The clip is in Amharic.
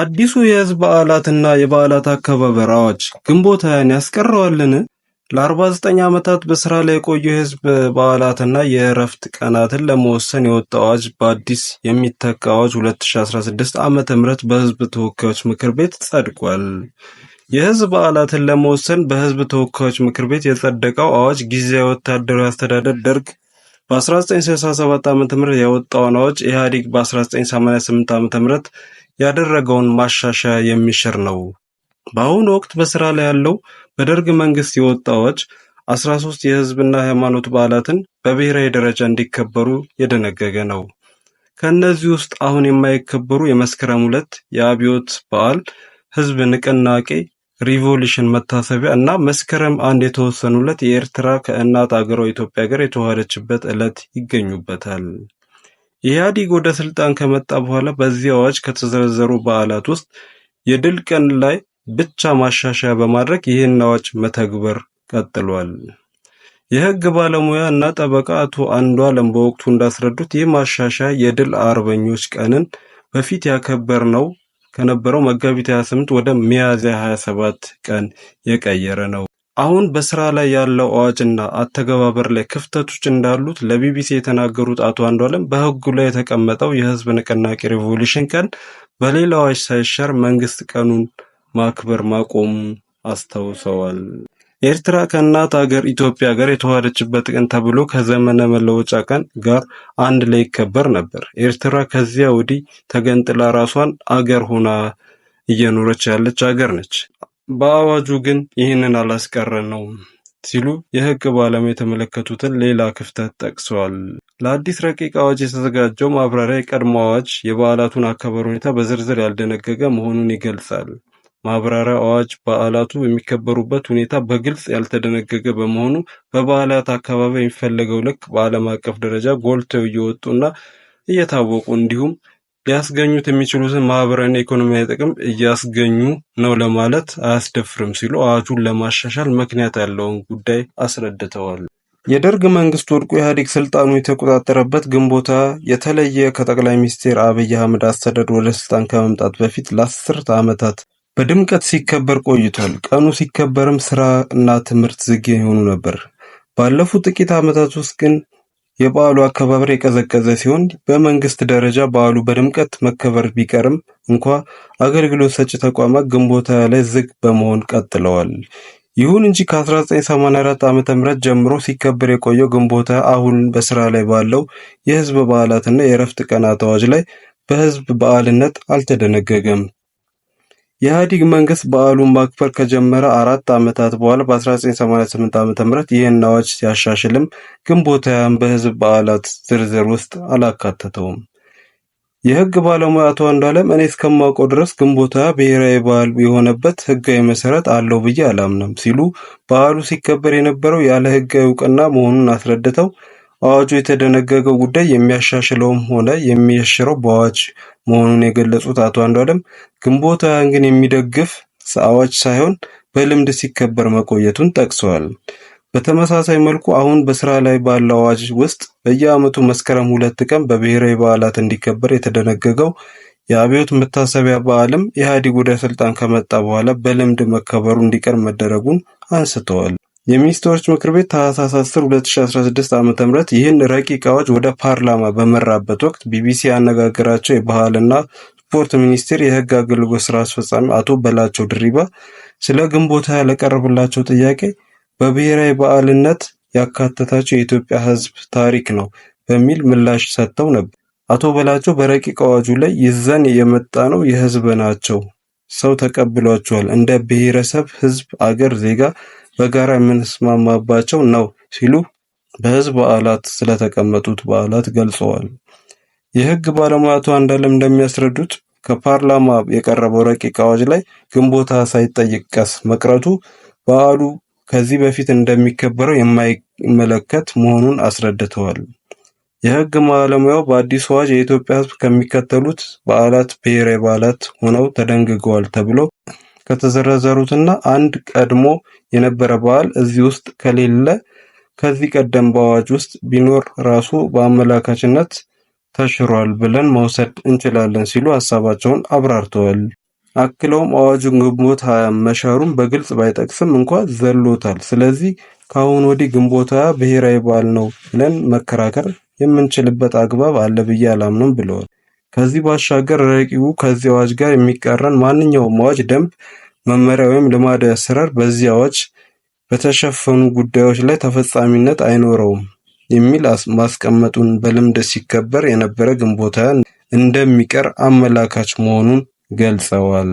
አዲሱ የህዝብ በዓላትና የበዓላት አከባበር አዋጅ ግንቦት ሃያን ያስቀረዋልን? ለ49 ዓመታት በስራ ላይ የቆዩ የህዝብ በዓላትና የእረፍት ቀናትን ለመወሰን የወጣው አዋጅ በአዲስ የሚተካ አዋጅ 2016 ዓመተ ምህረት በህዝብ ተወካዮች ምክር ቤት ጸድቋል። የህዝብ በዓላትን ለመወሰን በህዝብ ተወካዮች ምክር ቤት የጸደቀው አዋጅ ጊዜያዊ ወታደራዊ አስተዳደር ደርግ በ1967 ዓ ም የወጣውን አዋጅ ኢህአዴግ በ1988 ዓ ም ያደረገውን ማሻሻያ የሚሽር ነው። በአሁኑ ወቅት በስራ ላይ ያለው በደርግ መንግስት የወጣ አዋጅ 13 የህዝብና ሃይማኖት በዓላትን በብሔራዊ ደረጃ እንዲከበሩ የደነገገ ነው። ከእነዚህ ውስጥ አሁን የማይከበሩ የመስከረም ሁለት የአብዮት በዓል፣ ህዝብ ንቅናቄ፣ ሪቮሉሽን መታሰቢያ እና መስከረም አንድ የተወሰኑለት የኤርትራ ከእናት አገሯ ኢትዮጵያ ጋር የተዋሃደችበት ዕለት ይገኙበታል። ኢህአዴግ ወደ ስልጣን ከመጣ በኋላ በዚህ አዋጅ ከተዘረዘሩ በዓላት ውስጥ የድል ቀን ላይ ብቻ ማሻሻያ በማድረግ ይህን አዋጅ መተግበር ቀጥሏል። የህግ ባለሙያ እና ጠበቃ አቶ አንዷለም በወቅቱ እንዳስረዱት ይህ ማሻሻያ የድል አርበኞች ቀንን በፊት ያከበር ነው ከነበረው መጋቢት 28 ወደ ሚያዝያ 27 ቀን የቀየረ ነው። አሁን በስራ ላይ ያለው አዋጅና አተገባበር ላይ ክፍተቶች እንዳሉት ለቢቢሲ የተናገሩት አቶ አንዷለም በህጉ ላይ የተቀመጠው የህዝብ ንቅናቄ ሪቮሉሽን ቀን በሌላ አዋጅ ሳይሻር መንግስት ቀኑን ማክበር ማቆም አስታውሰዋል። ኤርትራ ከእናት ሀገር ኢትዮጵያ ጋር የተዋደችበት ቀን ተብሎ ከዘመነ መለወጫ ቀን ጋር አንድ ላይ ይከበር ነበር። ኤርትራ ከዚያ ወዲህ ተገንጥላ ራሷን አገር ሆና እየኖረች ያለች አገር ነች። በአዋጁ ግን ይህንን ነው ሲሉ የህግ ባለሙያ የተመለከቱትን ሌላ ክፍተት ጠቅሰዋል። ለአዲስ ረቂቅ አዋጅ የተዘጋጀው ማብራሪያ የቀድሞ አዋጅ የበዓላቱን አከባበር ሁኔታ በዝርዝር ያልደነገገ መሆኑን ይገልጻል። ማብራሪያ አዋጅ በዓላቱ የሚከበሩበት ሁኔታ በግልጽ ያልተደነገገ በመሆኑ በበዓላት አካባቢ የሚፈለገው ልክ በዓለም አቀፍ ደረጃ ጎልተው እየወጡና እየታወቁ እንዲሁም ሊያስገኙት የሚችሉትን ማህበራዊና ኢኮኖሚያዊ ጥቅም እያስገኙ ነው ለማለት አያስደፍርም ሲሉ አዋጁን ለማሻሻል ምክንያት ያለውን ጉዳይ አስረድተዋል። የደርግ መንግስት ወድቆ ኢህአዴግ ስልጣኑ የተቆጣጠረበት ግንቦታ የተለየ ከጠቅላይ ሚኒስትር አብይ አህመድ አስተዳደር ወደ ስልጣን ከመምጣት በፊት ለአስርት ዓመታት በድምቀት ሲከበር ቆይቷል። ቀኑ ሲከበርም ሥራ እና ትምህርት ዝግ ይሆኑ ነበር። ባለፉት ጥቂት ዓመታት ውስጥ ግን የበዓሉ አከባበር የቀዘቀዘ ሲሆን በመንግስት ደረጃ በዓሉ በድምቀት መከበር ቢቀርም እንኳ አገልግሎት ሰጪ ተቋማት ግንቦት ሃያ ላይ ዝግ በመሆን ቀጥለዋል። ይሁን እንጂ ከ1984 ዓ.ም ጀምሮ ሲከበር የቆየው ግንቦት ሃያ አሁን በስራ ላይ ባለው የህዝብ በዓላትና የእረፍት ቀናት አዋጅ ላይ በህዝብ በዓልነት አልተደነገገም። የኢህአዴግ መንግስት በዓሉን ማክበር ከጀመረ አራት ዓመታት በኋላ በ1988 ዓ.ም ይህን አዋጅ ሲያሻሽልም ግንቦት ሃያን በህዝብ በዓላት ዝርዝር ውስጥ አላካተተውም። የህግ ባለሙያ አቶ አለም እኔ እስከማውቀው ድረስ ግንቦት ሃያ ብሔራዊ በዓል የሆነበት ህጋዊ መሰረት አለው ብዬ አላምንም ሲሉ በዓሉ ሲከበር የነበረው ያለ ህጋዊ እውቅና መሆኑን አስረድተው አዋጁ የተደነገገው ጉዳይ የሚያሻሽለውም ሆነ የሚያሽረው በአዋጅ መሆኑን የገለጹት አቶ አንዷለም ግንቦት ሃያን ግን የሚደግፍ አዋጅ ሳይሆን በልምድ ሲከበር መቆየቱን ጠቅሰዋል። በተመሳሳይ መልኩ አሁን በስራ ላይ ባለው አዋጅ ውስጥ በየዓመቱ መስከረም ሁለት ቀን በብሔራዊ በዓላት እንዲከበር የተደነገገው የአብዮት መታሰቢያ በዓልም ኢህአዴግ ወደ ስልጣን ከመጣ በኋላ በልምድ መከበሩ እንዲቀር መደረጉን አንስተዋል። የሚኒስትሮች ምክር ቤት ታህሳስ 10 2016 ዓ.ም ይህን ረቂቅ አዋጅ ወደ ፓርላማ በመራበት ወቅት ቢቢሲ ያነጋገራቸው የባህልና ስፖርት ሚኒስቴር የህግ አገልግሎት ስራ አስፈጻሚ አቶ በላቸው ድሪባ ስለ ግንቦት ሃያ ለቀረበላቸው ጥያቄ በብሔራዊ በዓልነት ያካተታቸው የኢትዮጵያ ህዝብ ታሪክ ነው በሚል ምላሽ ሰጥተው ነበር። አቶ በላቸው በረቂቅ አዋጁ ላይ ይዘን የመጣ ነው የህዝብ ናቸው ሰው ተቀብሏቸዋል እንደ ብሔረሰብ፣ ህዝብ አገር፣ ዜጋ በጋራ የምንስማማባቸው ነው ሲሉ በህዝብ በዓላት ስለተቀመጡት በዓላት ገልጸዋል። የህግ ባለሙያቱ አንዳለም እንደሚያስረዱት ከፓርላማ የቀረበው ረቂቅ አዋጅ ላይ ግንቦታ ቦታ መቅረቱ በዓሉ ከዚህ በፊት እንደሚከበረው የማይመለከት መሆኑን አስረድተዋል። የህግ ባለሙያው በአዲሱ አዋጅ የኢትዮጵያ ህዝብ ከሚከተሉት በዓላት ብሔራዊ በዓላት ሆነው ተደንግገዋል ተብሎ ከተዘረዘሩትና አንድ ቀድሞ የነበረ በዓል እዚህ ውስጥ ከሌለ ከዚህ ቀደም በአዋጅ ውስጥ ቢኖር ራሱ በአመላካችነት ተሽሯል ብለን መውሰድ እንችላለን ሲሉ ሀሳባቸውን አብራርተዋል። አክለውም አዋጁን ግንቦት ሀያ መሻሩን በግልጽ ባይጠቅስም እንኳ ዘሎታል። ስለዚህ ከአሁን ወዲህ ግንቦት ሀያ ብሔራዊ በዓል ነው ብለን መከራከር የምንችልበት አግባብ አለ ብዬ አላምንም ብለዋል። ከዚህ ባሻገር ረቂቁ ከዚህ አዋጅ ጋር የሚቃረን ማንኛውም አዋጅ፣ ደንብ፣ መመሪያ ወይም ልማዳዊ አሰራር በዚህ አዋጅ በተሸፈኑ ጉዳዮች ላይ ተፈጻሚነት አይኖረውም የሚል ማስቀመጡን በልምድ ሲከበር የነበረ ግንቦት ሃያ እንደሚቀር አመላካች መሆኑን ገልጸዋል።